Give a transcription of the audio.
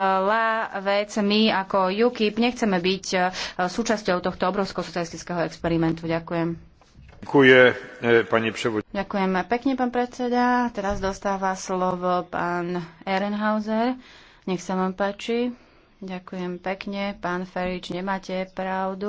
La vec, my ako UKIP nechceme byť e, súčasťou tohto obrovského socialistického experimentu. Ďakujem. Ďakujem, e, pani Ďakujem pekne, pán predseda. Teraz dostáva slovo pán Ehrenhauser. Nech sa vám páči. Ďakujem pekne. Pán Ferič, nemáte pravdu.